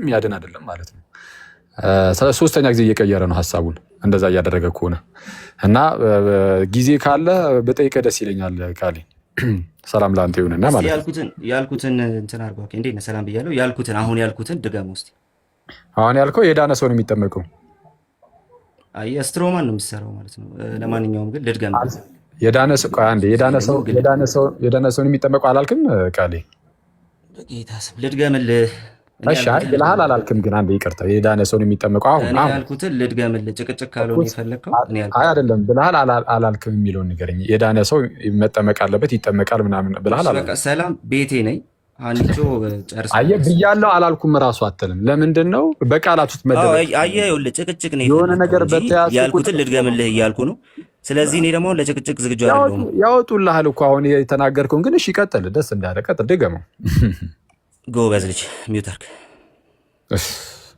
የሚያድን አይደለም ማለት ነው። ሶስተኛ ጊዜ እየቀየረ ነው ሀሳቡን እንደዛ እያደረገ ከሆነ እና ጊዜ ካለ በጠይቀ ደስ ይለኛል። ቃሌ ሰላም ለአንተ ይሁንና ማለት ያልኩትን እንትን አድርገው ሰላም ብያለሁ። ያልኩትን አሁን ያልኩትን ድገም ውስጥ አሁን ያልከው የዳነ ሰው ነው የሚጠመቀው። ነው የሚሰራው ማለት ነው። ለማንኛውም ግን ልድገም። የዳነ ሰውን የሚጠመቀው አላልክም ቃሌ? ልድገምልህ ብልሃል አላልክም። ግን አንድ ይቅርታ፣ የዳነ ሰውን የሚጠመቀው አሁን ያልኩትን ልድገምልህ። ጭቅጭቅ ካልሆነ የፈለግከው አይደለም። ብልሃል አላልክም የሚለውን ንገረኝ። የዳነ ሰው መጠመቅ አለበት ይጠመቃል ምናምን ብልሃል። ሰላም ቤቴ ነኝ አንቺ አየህ ብያለሁ አላልኩም እራሱ አትልም። ለምንድን ነው በቃላት ውስጥ መደበቅ? አየህ ይኸውልህ ጭቅጭቅ ነው የሆነ ነገር በተያዘ ያልኩትን ልድገምልህ እያልኩ ነው። ስለዚህ እኔ ደግሞ ለጭቅጭቅ ዝግጁ አይደለሁም። ያወጡልሃል እኮ አሁን የተናገርከውን። ግን እሺ ቀጥል፣ ደስ እንዳለ ቀጥል፣ ድገመው ጎበዝ ልጅ ሚውተርክ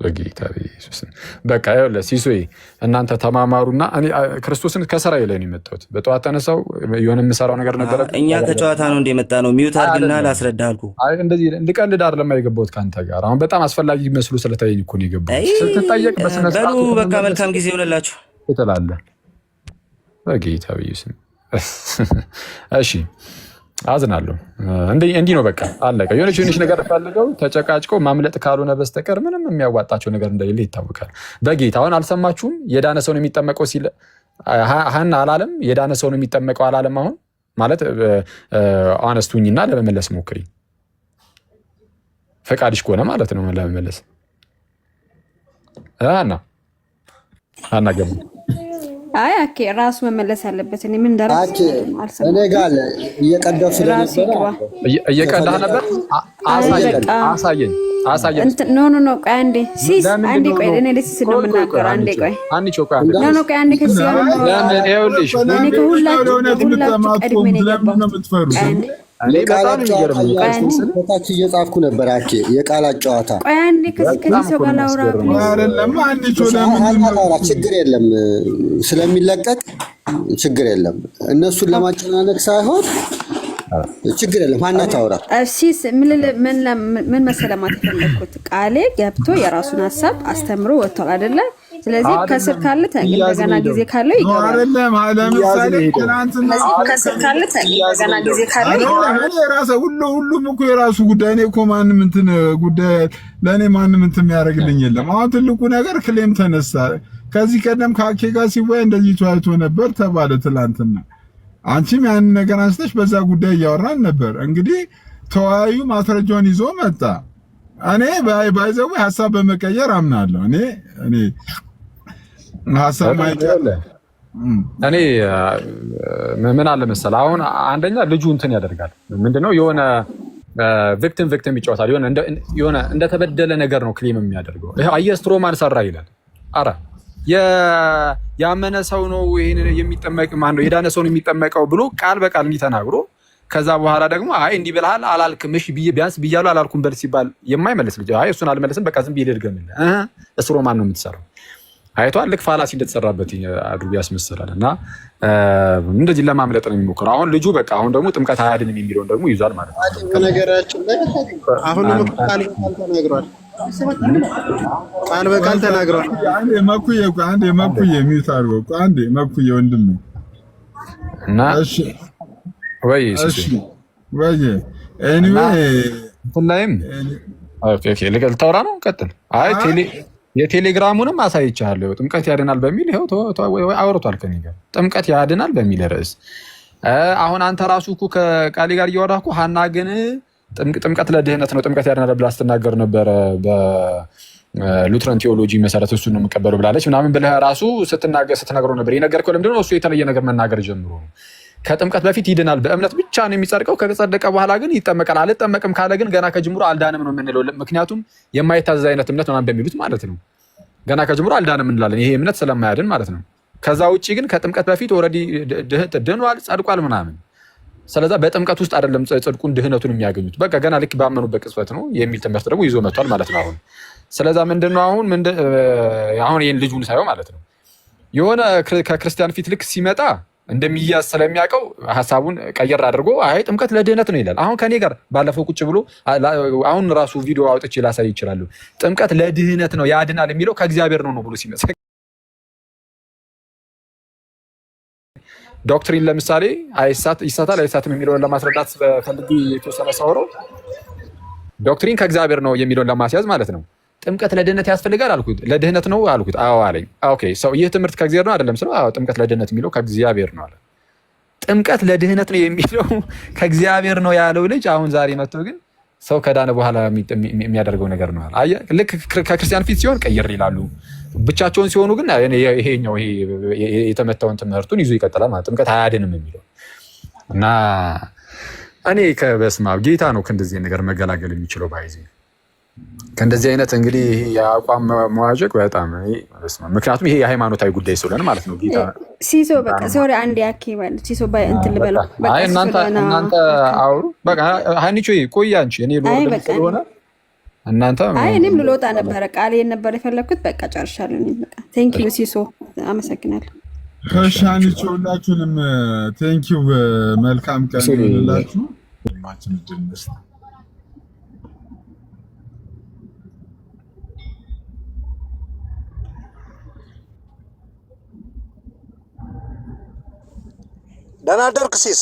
በጌታ በቃ ያለ ሲሶ እናንተ ተማማሩና ክርስቶስን ከስራዬ ላይ ነው የመጣሁት። በጠዋት ተነሳው የሆነ የምሰራው ነገር ነበረ። እኛ ከጨዋታ ነው እንደመጣ ነው ሚዩት አድርግና ላስረዳህ አልኩህ። እንደዚህ ልቀልድ አይደለም የገባሁት ከአንተ ጋር። አሁን በጣም አስፈላጊ መስሉ ስለታየኝ እኮ ነው የገባሁት። ስትጠየቅ በስነ በቃ መልካም ጊዜ ይሆንላችሁ ትላለህ። በጌታ ብዬ እሺ አዝናለሁ። እንዲህ ነው በቃ አለቀ። የሆነች የሆነች ነገር ፈልገው ተጨቃጭቆ ማምለጥ ካልሆነ በስተቀር ምንም የሚያዋጣቸው ነገር እንደሌለ ይታወቃል። በጌታ አሁን አልሰማችሁም? የዳነ ሰው ነው የሚጠመቀው ሲል ሀና አላለም? የዳነ ሰው ነው የሚጠመቀው አላለም? አሁን ማለት አነስቱኝና ለመመለስ ሞክሪ፣ ፈቃድሽ ከሆነ ማለት ነው ለመመለስ ሀና ሀና ገቡ አይ አኬ ራሱ መመለስ አለበት። እኔ ምን ደረሰ? አኬ እኔ ጋር አለ ስለነበረ እየቀዳህ ነበር። አሳየኝ አሳየኝ አሳየኝ። እንትን ኖ ኖ ኖ፣ ቆይ አንዴ ሲስ አንዴ፣ ቆይ እኔ ለሲስ ነው የምናገረው። አንዴ ቆይ አንዴ ጮ ቆይ አንዴ ኖ ኖ፣ ቆይ አንዴ ከዚህ ያለው ለምን ይኸውልሽ፣ እኔ ከሁላችሁ ሁላችሁ ቀድሜ ነው የገባሁት። በታች እየጻፍኩ ነበር። አኬ የቃላት ጨዋታ ችግር የለም ስለሚለቀቅ ችግር የለም። እነሱን ለማጨናነቅ ሳይሆን ችግር የለም። ሀና ታውራ እሺስ። ምን መሰለማት የፈለኩት ቃሌ ገብቶ የራሱን ሀሳብ አስተምሮ ወጥቷል አይደለም ስለዚህ ከስር ካለ እንደገና ጊዜ ካለው ይገባል። ለምሳሌ ካለ ሁሉ ሁሉም እኮ የራሱ ጉዳይ። እኔ እኮ ማንም እንትን ጉዳይ ለእኔ ማንም እንትን የሚያደርግልኝ የለም። አሁን ትልቁ ነገር ክሌም ተነሳ። ከዚህ ቀደም ከአኬ ጋር ሲወያይ እንደዚህ ነበር ተባለ ትላንትና። አንቺም ያንን ነገር አንስተሽ በዛ ጉዳይ እያወራን ነበር። እንግዲህ ተወያዩ ማስረጃውን ይዞ መጣ። እኔ ባይዘዌ ሀሳብ በመቀየር አምናለሁ እኔ እኔ እኔ ምን አለ መሰለህ፣ አሁን አንደኛ ልጁ እንትን ያደርጋል። ምንድነው የሆነ ቪክቲም ቪክቲም ይጫወታል። የሆነ እንደተበደለ ነገር ነው ክሌም የሚያደርገው። አየህ ስትሮማን ሰራ ይላል። አረ ያመነ ሰው ነው ይሄንን የሚጠመቅ ማነው የዳነ ሰው ነው የሚጠመቀው ብሎ ቃል በቃል እንዲተናግሮ ከዛ በኋላ ደግሞ አይ እንዲህ ብለሃል አላልክም፣ እሺ ቢያንስ ብያለሁ አላልኩም በል ሲባል የማይመልስ ልጅ አይ እሱን አልመለስም በቃ ዝም ብዬ ልድገምልህ። ስትሮማን ነው የምትሰራው አይቷል። ልክ ፋላሲ እንደተሰራበት አድርጎ ያስመስላል እና እንደዚህ ለማምለጥ ነው የሚሞክረው። አሁን ልጁ በቃ አሁን ደግሞ ጥምቀት አያድንም የሚለውን ደግሞ ይዟል ማለት ነው። ከነገራችን ላይ አሁን ቃል በቃል ተናግሯል። ቃል በቃል ተናግሯል። መኩዬ አንዴ መኩዬ ሚዩት አድርጎ አንዴ መኩዬ ወንድም ነው እና ወይ እሺ ወይ ኤኒዌይ ላይም ተውራ ነው። ቀጥል አይ ቴሌ የቴሌግራሙንም አሳይቻለሁ። ጥምቀት ያድናል በሚል አውርቷል ከኔ ጋር ጥምቀት ያድናል በሚል ርዕስ። አሁን አንተ ራሱ እኮ ከቃሌ ጋር እያወራኩ ሀና ግን ጥምቀት ለድህነት ነው ጥምቀት ያድናል ብላ ስትናገር ነበረ። በሉትረን ቴዎሎጂ መሰረት እሱ ነው የምቀበሉ ብላለች ምናምን ብለህ ራሱ ስትናገር ነበር። የነገርከው ለምንድን ነው? እሱ የተለየ ነገር መናገር ጀምሮ ነው። ከጥምቀት በፊት ይድናል በእምነት ብቻ ነው የሚጸድቀው። ከጸደቀ በኋላ ግን ይጠመቃል። አልጠመቅም ካለ ግን ገና ከጅምሮ አልዳንም ነው የምንለው። ምክንያቱም የማይታዘዝ አይነት እምነት ምናምን በሚሉት ማለት ነው። ገና ከጀምሮ አልዳንም እንላለን። ይሄ እምነት ስለማያድን ማለት ነው። ከዛ ውጭ ግን ከጥምቀት በፊት ኦልሬዲ ድኗል፣ ጸድቋል ምናምን። ስለዛ በጥምቀት ውስጥ አይደለም ጽድቁን ድህነቱን የሚያገኙት በቃ ገና ልክ ባመኑበት ቅጽበት ነው የሚል ትምህርት ደግሞ ይዞ መጥቷል ማለት ነው። አሁን ስለዛ ምንድነው አሁን አሁን ይህን ልጁን ሳየው ማለት ነው የሆነ ከክርስቲያን ፊት ልክ ሲመጣ እንደሚያዝ ስለሚያውቀው ሀሳቡን ቀየር አድርጎ አይ ጥምቀት ለድህነት ነው ይላል። አሁን ከኔ ጋር ባለፈው ቁጭ ብሎ አሁን ራሱ ቪዲዮ አውጥቼ ላሳይ ይችላሉ። ጥምቀት ለድህነት ነው ያድናል የሚለው ከእግዚአብሔር ነው ነው ብሎ ሲመስል ዶክትሪን ለምሳሌ ይሳታል አይሳትም የሚለውን ለማስረዳት ፈልጌ የተወሰነ ሰውረው ዶክትሪን ከእግዚአብሔር ነው የሚለውን ለማስያዝ ማለት ነው። ጥምቀት ለድህነት ያስፈልጋል አልኩት። ለድህነት ነው አልኩት። አዎ አለኝ። ኦኬ ሰው ይህ ትምህርት ከእግዚአብሔር ነው አይደለም ስለው፣ አዎ ጥምቀት ለድህነት የሚለው ከእግዚአብሔር ነው አለ። ጥምቀት ለድህነት ነው የሚለው ከእግዚአብሔር ነው ያለው ልጅ አሁን ዛሬ መጥቶ ግን ሰው ከዳነ በኋላ የሚያደርገው ነገር ነው። ልክ ከክርስቲያን ፊት ሲሆን ቀይር ይላሉ። ብቻቸውን ሲሆኑ ግን ይሄኛው የተመታውን ትምህርቱን ይዞ ይቀጥላል። ማለት ጥምቀት አያድንም የሚለው እና እኔ ከበስመ አብ ጌታ ነው ከእንደዚህ ነገር መገላገል የሚችለው ባይዜ ከእንደዚህ አይነት እንግዲህ የአቋም መዋጀቅ በጣም ምክንያቱም ይሄ የሃይማኖታዊ ጉዳይ ስለሆነ ማለት ነው። ጌታ ሲሶ በቃ ሶሪ አንድ ያኬ ሲሶ ባይ እንትን ልበለው እናንተ አውሩ በቃ ሀኒቾ ቆይ አንቺ እኔ ልወርድ ስለሆነ እናንተ አይ እኔም ልሎጣ ነበረ ቃል ነበር የፈለግኩት በቃ ጨርሻለሁ። በቃ ቴንኪዩ ሲሶ አመሰግናለሁ። እሺ ሀኒቾ ሁላችሁንም ቴንኪዩ መልካም ቀን ይሁንላችሁ። ማችን ድንስ ደህና አደርክ ሲስ?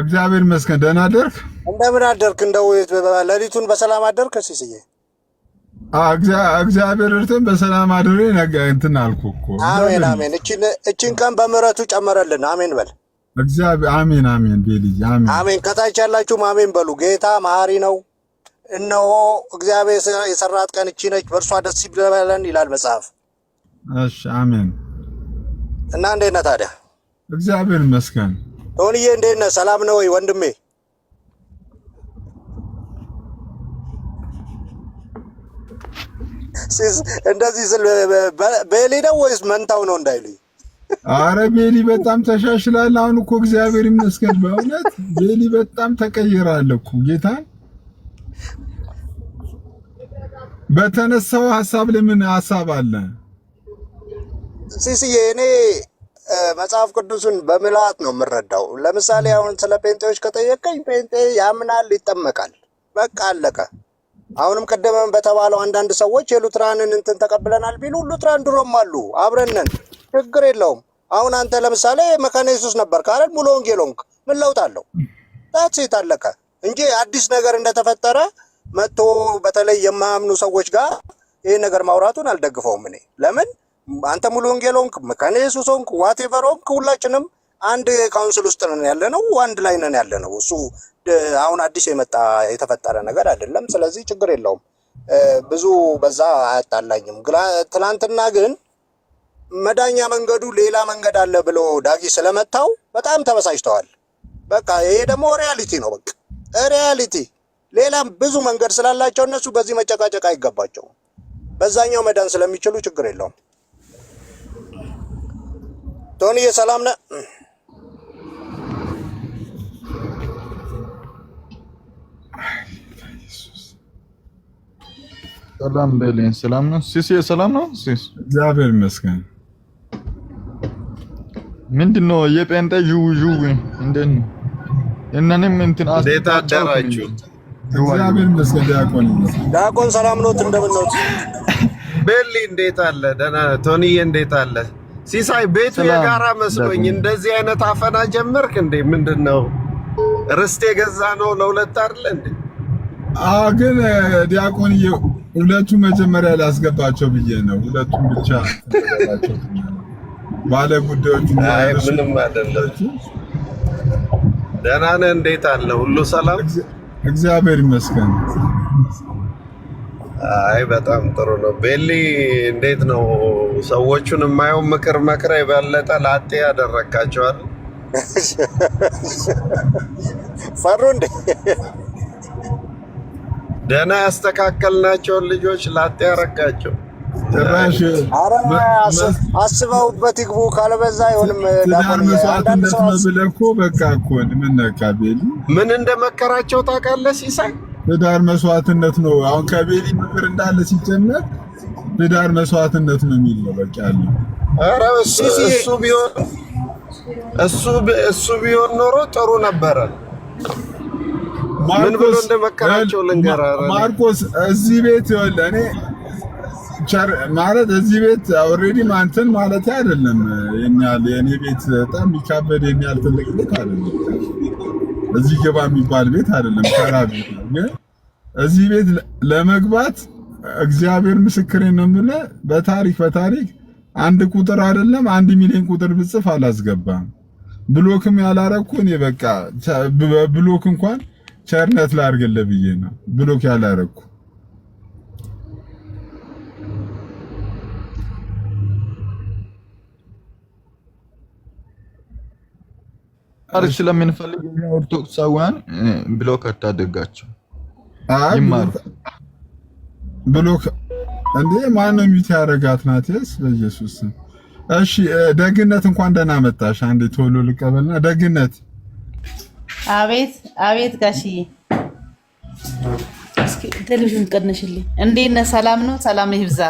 እግዚአብሔር ይመስገን ደህና አደርክ? እንደምን አደርክ? እንደው ሌሊቱን በሰላም አደርክ ሲስዬ? እግዚአብሔር እርትን በሰላም አድሬ ነገ እንትን አልኩ እኮ። አሜን አሜን። እችን ቀን በምሕረቱ ጨመረልን። አሜን በል እግዚአብሔር። አሜን አሜን ቤልዬ አሜን አሜን። ከታች ያላችሁም አሜን በሉ። ጌታ መሐሪ ነው። እነሆ እግዚአብሔር የሰራት ቀን እቺ ነች፣ በእርሷ ደስ ይበለን ይላል መጽሐፍ። እሺ አሜን። እና እንዴት ነህ ታዲያ? እግዚአብሔር ይመስገን። ቶንዬ እንዴት ነህ? ሰላም ነው ወይ ወንድሜ? እንደዚህ ስል ቤሊ ነው ወይስ መንታው ነው እንዳይሉኝ። አረ ቤሊ በጣም ተሻሽላል። አሁን እኮ እግዚአብሔር ይመስገን በእውነት ቤሊ በጣም ተቀይራል እኮ ጌታ በተነሳው ሀሳብ ለምን ሀሳብ አለ ሲስዬ እኔ መጽሐፍ ቅዱስን በምልአት ነው የምረዳው። ለምሳሌ አሁን ስለ ጴንጤዎች ከጠየቀኝ ጴንጤ ያምናል፣ ይጠመቃል፣ በቃ አለቀ። አሁንም ቀደመም በተባለው አንዳንድ ሰዎች የሉትራንን እንትን ተቀብለናል ቢሉ ሉትራን ድሮም አሉ፣ አብረነን ችግር የለውም። አሁን አንተ ለምሳሌ መካነ ኢየሱስ ነበር ካለን ሙሉ ወንጌሎንክ ምን ለውጥ አለው? ሴት አለቀ እንጂ አዲስ ነገር እንደተፈጠረ መጥቶ በተለይ የማያምኑ ሰዎች ጋር ይህን ነገር ማውራቱን አልደግፈውም እኔ ለምን አንተ ሙሉ ወንጌል ሆንክ፣ መካነ ኢየሱስ ሆንክ፣ ዋቴቨር ሆንክ፣ ሁላችንም አንድ ካውንስል ውስጥ ነን ያለ ነው፣ አንድ ላይ ነን ያለ ነው። እሱ አሁን አዲስ የመጣ የተፈጠረ ነገር አይደለም። ስለዚህ ችግር የለውም። ብዙ በዛ አያጣላኝም። ትናንትና ግን መዳኛ መንገዱ ሌላ መንገድ አለ ብሎ ዳጊ ስለመታው በጣም ተበሳጭተዋል። በቃ ይሄ ደግሞ ሪያሊቲ ነው። በቃ ሪያሊቲ ሌላም ብዙ መንገድ ስላላቸው እነሱ በዚህ መጨቃጨቅ አይገባቸውም። በዛኛው መዳን ስለሚችሉ ችግር የለውም። ቶኒዬ ሰላም ነህ? ሰላም በለኝ። ሰላም ነው ሲስ፣ ሰላም ነው ሲስ። እግዚአብሔር ይመስገን። ምንድን ነው የጴንጤ ዥው ዥው? እንዴት ነው? እነንም እንትን አስዴታ አደራችሁ። እግዚአብሔር ይመስገን። ዳቆን ዳቆን ሰላም ነው። እንደምን ነው በሊ እንዴት አለ? ደህና ቶኒዬ እንዴት አለ? ሲሳይ ቤቱ የጋራ መስሎኝ እንደዚህ አይነት አፈና ጀመርክ እንዴ? ምንድን ነው ርስት የገዛ ነው ለሁለት አይደለ እንዴ? አዎ፣ ግን ዲያቆንዬ ሁለቱ መጀመሪያ ላስገባቸው ብዬ ነው። ሁለቱም ብቻ ባለ ጉዳዮች ምንም አይደለም። ደህና ነህ? እንዴት አለ? ሁሉ ሰላም? እግዚአብሔር ይመስገን። አይ በጣም ጥሩ ነው። ቤሊ እንዴት ነው ሰዎቹን የማየው? ምክር መክረ የበለጠ ላጤ ያደረካቸዋል። ፈሩ እንዴ ደህና ያስተካከልናቸውን ልጆች ላጤ ያረጋቸው። አስበውበት ይግቡ፣ ካለበዛ አይሆንም። ዳሆንአንዳንድ ሰው ብለህ በቃ እኮ ምን ነካ ቤሊ ምን እንደመከራቸው ታውቃለህ ሲሳይ ትዳር መስዋዕትነት ነው። አሁን ከቤሊ ምክር እንዳለ ሲጀመር ትዳር መስዋዕትነት ነው የሚል ነው። በቃ ያለ ኧረ እሱ ቢሆን እሱ እሱ ቢሆን ኖሮ ጥሩ ነበረ። ምን ብሎ እንደመከራቸው ልንገራረ ማርቆስ እዚህ ቤት ይወለ እኔ ማለት እዚህ ቤት ኦልሬዲ ማንተን ማለት አይደለም የኔ ቤት በጣም ይካበድ የሚያል ትልቅ ልክ አይደለም እዚህ ገባ የሚባል ቤት አይደለም፣ ተራ ቤት ነው። ግን እዚህ ቤት ለመግባት እግዚአብሔር ምስክሬ ነው የምልህ፣ በታሪክ በታሪክ አንድ ቁጥር አይደለም አንድ ሚሊዮን ቁጥር ብጽፍ አላስገባም። ብሎክም ያላረኩ እኔ በቃ ብሎክ እንኳን ቸርነት ላድርግልህ ብዬ ነው ብሎክ ያላረኩ ታሪክ ስለምንፈልግ ኦርቶዶክሳውያን ብሎክ አታደርጋቸው። ይማሩ ብሎክ እንዴ ማነው ሚት ያደረጋት ናትስ በኢየሱስ እሺ ደግነት እንኳን ደህና መጣሽ። አንዴ ቶሎ ልቀበልና ደግነት። አቤት አቤት ጋሽዬ እስኪ ቴሌቪዥን ቀንሽልኝ። እንዴት ነህ? ሰላም ነው? ሰላም ይብዛ።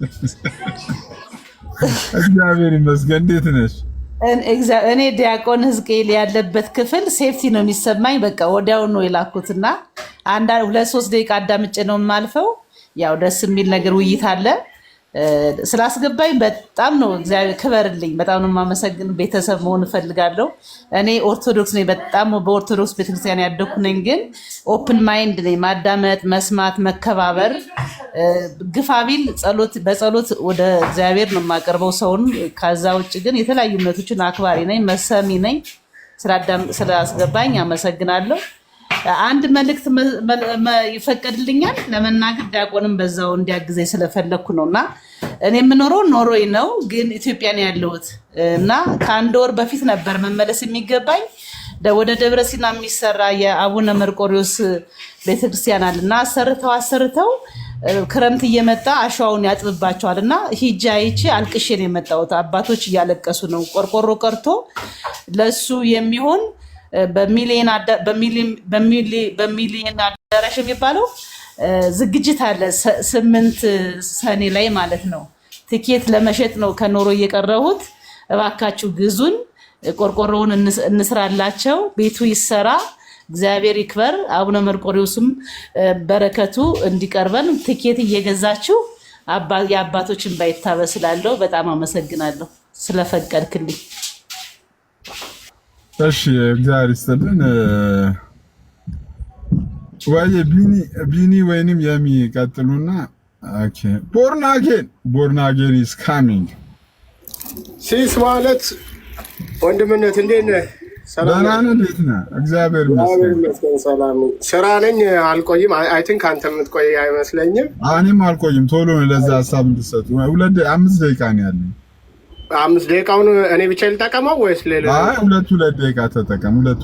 እግዚአብሔር ይመስገን። እንዴት ነሽ? እኔ ዲያቆን ህዝቅኤል ያለበት ክፍል ሴፍቲ ነው የሚሰማኝ። በቃ ወዲያውን ነው የላኩት እና አንድ ሁለት ሶስት ደቂቃ አዳምጬ ነው የማልፈው። ያው ደስ የሚል ነገር ውይይት አለ። ስላስገባኝ በጣም ነው እግዚአብሔር ክበርልኝ። በጣም ነው የማመሰግን። ቤተሰብ መሆን እፈልጋለሁ። እኔ ኦርቶዶክስ ነኝ፣ በጣም በኦርቶዶክስ ቤተክርስቲያን ያደኩ ነኝ። ግን ኦፕን ማይንድ ነኝ። ማዳመጥ፣ መስማት፣ መከባበር ግፋቢል ጸሎት በጸሎት ወደ እግዚአብሔር ነው የማቀርበው ሰውን። ከዛ ውጭ ግን የተለያዩ እምነቶችን አክባሪ ነኝ፣ መሰሚ ነኝ። ስላስገባኝ አመሰግናለሁ። አንድ መልእክት ይፈቀድልኛል ለመናገር ዲያቆንም በዛው እንዲያግዘኝ ስለፈለግኩ ነው። እና እኔ የምኖረው ኖሮይ ነው፣ ግን ኢትዮጵያ ነው ያለሁት እና ከአንድ ወር በፊት ነበር መመለስ የሚገባኝ። ወደ ደብረ ሲና የሚሰራ የአቡነ መርቆሪዎስ ቤተክርስቲያን አለ እና አሰርተው አሰርተው ክረምት እየመጣ አሸዋውን ያጥብባቸዋል እና ሂጄ አይቼ አልቅሼ ነው የመጣሁት። አባቶች እያለቀሱ ነው። ቆርቆሮ ቀርቶ ለሱ የሚሆን በሚሊየን አዳራሽ የሚባለው ዝግጅት አለ። ስምንት ሰኔ ላይ ማለት ነው። ትኬት ለመሸጥ ነው ከኖሮ እየቀረሁት። እባካችሁ ግዙን፣ ቆርቆሮውን እንስራላቸው፣ ቤቱ ይሰራ። እግዚአብሔር ይክበር። አቡነ መርቆሬዎስም በረከቱ እንዲቀርበን ትኬት እየገዛችሁ የአባቶችን ባይታበስላለሁ። በጣም አመሰግናለሁ ስለፈቀድክልኝ። እሺ እግዚአብሔር ይስጥልን። ወይ ቢኒ ቢኒ ወይንም የሚቀጥሉና ኦኬ ቦርን አጌን ቦርን አጌን ኢዝ ካሚንግ ሲስ ማለት ወንድምነት እንዴት ነህ? ደህና ነህ? እንዴት ነህ? እግዚአብሔር ይመስገን ሰላም። ስራ ነኝ አልቆይም። አይ ቲንክ አንተ የምትቆይ አይመስለኝም። እኔም አልቆይም። ቶሎ ለዛ ሀሳብ እንድትሰጡ ሁለት አምስት ደቂቃ ነው ያለኝ። አምስት ደቂቃውን እኔ ብቻ ልጠቀመው ወይስ ሌላ? ሁለት ሁለት ደቂቃ ተጠቀም። ሁለት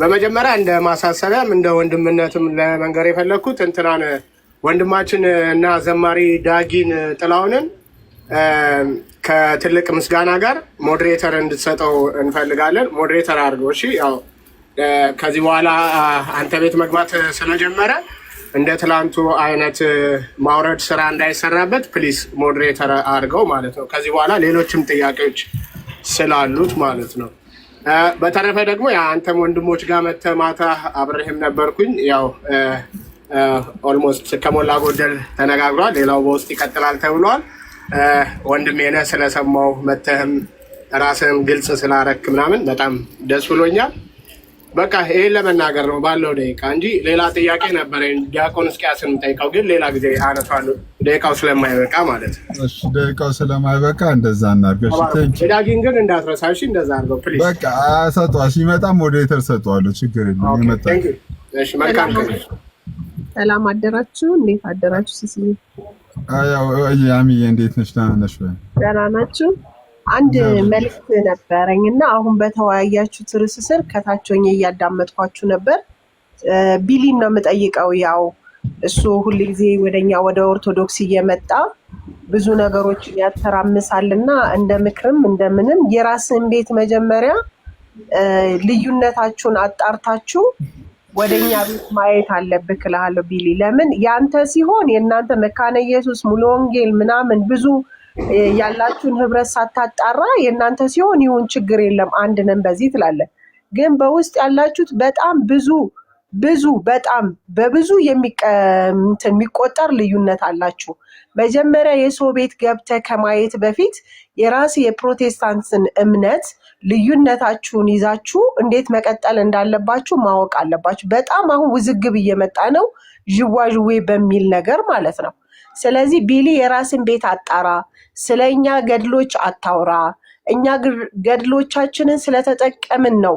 በመጀመሪያ እንደ ማሳሰቢያም እንደ ወንድምነትም ለመንገር የፈለግኩት እንትናን ወንድማችን እና ዘማሪ ዳጊን ጥላውንን ከትልቅ ምስጋና ጋር ሞዴሬተር እንድትሰጠው እንፈልጋለን። ሞዴሬተር አድርገው። እሺ፣ ያው ከዚህ በኋላ አንተ ቤት መግባት ስለጀመረ እንደ ትላንቱ አይነት ማውረድ ስራ እንዳይሰራበት ፕሊስ ሞዴሬተር አድርገው ማለት ነው። ከዚህ በኋላ ሌሎችም ጥያቄዎች ስላሉት ማለት ነው። በተረፈ ደግሞ አንተም ወንድሞች ጋር መተ ማታ አብሬህም ነበርኩኝ። ያው ኦልሞስት ከሞላ ጎደል ተነጋግሯል። ሌላው በውስጥ ይቀጥላል ተብሏል። ወንድሜ ነህ ስለሰማው መተህም ራስህም ግልጽ ስላረክ ምናምን በጣም ደስ ብሎኛል። በቃ ይሄን ለመናገር ነው ባለው ደቂቃ እንጂ ሌላ ጥያቄ ነበረ። ዲያቆን እስቅያስን ጠይቀው ግን ሌላ ጊዜ አነሳዋለሁ፣ ደቂቃው ስለማይበቃ ማለት ነው። ደቂቃው ስለማይበቃ እንደዛ እናድርገሽ። ዳጊን ግን እንዳትረሳ እሺ። እንደዛ አርገው ፕሊዝ። በቃ ሰጧ ሲመጣም ወደ የተር ሰጠዋለሁ። ችግር ሰላም አደራችሁ። እንዴት አደራችሁ? ስስ ያሚ እንዴት ነሽ? ደህና ነሽ? ደህና ናችሁ? አንድ መልክት ነበረኝ እና አሁን በተወያያችሁት ርዕስ ስር ከታች ሆኜ እያዳመጥኳችሁ ነበር። ቢሊን ነው የምጠይቀው። ያው እሱ ሁልጊዜ ወደኛ ወደ ኦርቶዶክስ እየመጣ ብዙ ነገሮችን ያተራምሳል እና እንደ ምክርም እንደምንም የራስን ቤት መጀመሪያ ልዩነታችሁን አጣርታችሁ ወደኛ ቤት ማየት አለብህ እልሃለሁ ቢሊ። ለምን ያንተ ሲሆን የእናንተ መካነ ኢየሱስ ሙሉ ወንጌል ምናምን ብዙ ያላችሁን ህብረት ሳታጣራ የእናንተ ሲሆን ይሁን ችግር የለም አንድ ነን በዚህ ትላለን። ግን በውስጥ ያላችሁት በጣም ብዙ ብዙ በጣም በብዙ የሚቆጠር ልዩነት አላችሁ። መጀመሪያ የሰው ቤት ገብተህ ከማየት በፊት የራስ የፕሮቴስታንትን እምነት ልዩነታችሁን ይዛችሁ እንዴት መቀጠል እንዳለባችሁ ማወቅ አለባችሁ። በጣም አሁን ውዝግብ እየመጣ ነው፣ ዥዋዥዌ በሚል ነገር ማለት ነው። ስለዚህ ቢሊ የራስን ቤት አጣራ፣ ስለ እኛ ገድሎች አታውራ። እኛ ገድሎቻችንን ስለተጠቀምን ነው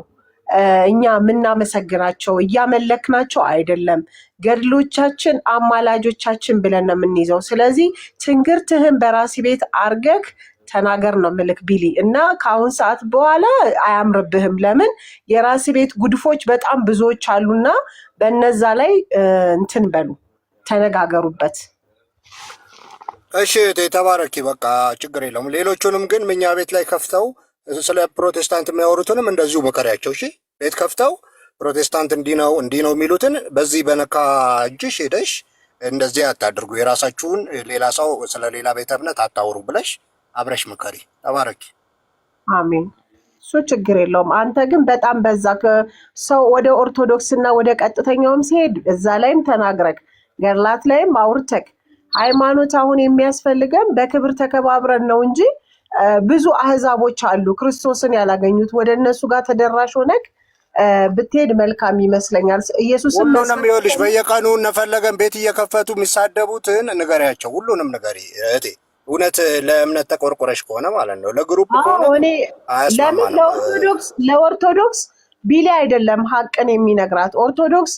እኛ የምናመሰግናቸው እያመለክናቸው አይደለም። ገድሎቻችን አማላጆቻችን ብለን ነው የምንይዘው። ስለዚህ ትንግርትህን በራሲ ቤት አርገክ ተናገር ነው ምልክ ቢሊ እና ከአሁን ሰዓት በኋላ አያምርብህም። ለምን የራሲ ቤት ጉድፎች በጣም ብዙዎች አሉና በነዛ ላይ እንትን በሉ ተነጋገሩበት። እሺ ተባረኪ። በቃ ችግር የለውም። ሌሎቹንም ግን እኛ ቤት ላይ ከፍተው ስለ ፕሮቴስታንት የሚያወሩትንም እንደዚሁ ምከሪያቸው። እሺ ቤት ከፍተው ፕሮቴስታንት እንዲህ ነው እንዲህ ነው የሚሉትን በዚህ በነካ እጅሽ ሄደሽ እንደዚህ አታድርጉ፣ የራሳችሁን ሌላ ሰው ስለ ሌላ ቤተ እምነት አታውሩ ብለሽ አብረሽ ምከሪ። ተባረኪ። አሜን። እሱ ችግር የለውም። አንተ ግን በጣም በዛ ሰው ወደ ኦርቶዶክስና ወደ ቀጥተኛውም ሲሄድ እዛ ላይም ተናግረክ ገድላት ላይም አውርተክ ሃይማኖት አሁን የሚያስፈልገን በክብር ተከባብረን ነው እንጂ ብዙ አህዛቦች አሉ ክርስቶስን ያላገኙት። ወደ እነሱ ጋር ተደራሽ ሆነክ ብትሄድ መልካም ይመስለኛል። ኢየሱስ ሁሉንም ይኸውልሽ፣ በየቀኑ እነፈለገን ቤት እየከፈቱ የሚሳደቡትን ንገሪያቸው። ሁሉንም ንገሪ እህቴ፣ እውነት ለእምነት ተቆርቆረሽ ከሆነ ማለት ነው ለግሩፕ ከሆነ ለምን ለኦርቶዶክስ ለኦርቶዶክስ ቢሊ አይደለም ሀቅን የሚነግራት ኦርቶዶክስ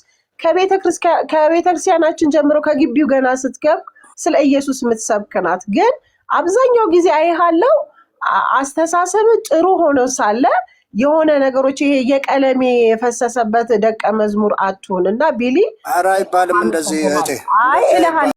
ከቤተክርስቲያናችን ጀምሮ ከግቢው ገና ስትገብ ስለ ኢየሱስ የምትሰብክ ናት። ግን አብዛኛው ጊዜ አይሃለው አስተሳሰብ ጥሩ ሆኖ ሳለ የሆነ ነገሮች ይሄ የቀለሜ የፈሰሰበት ደቀ መዝሙር አትሁን እና ቢሊ ኧረ አይባልም እንደዚህ እህቴ አይ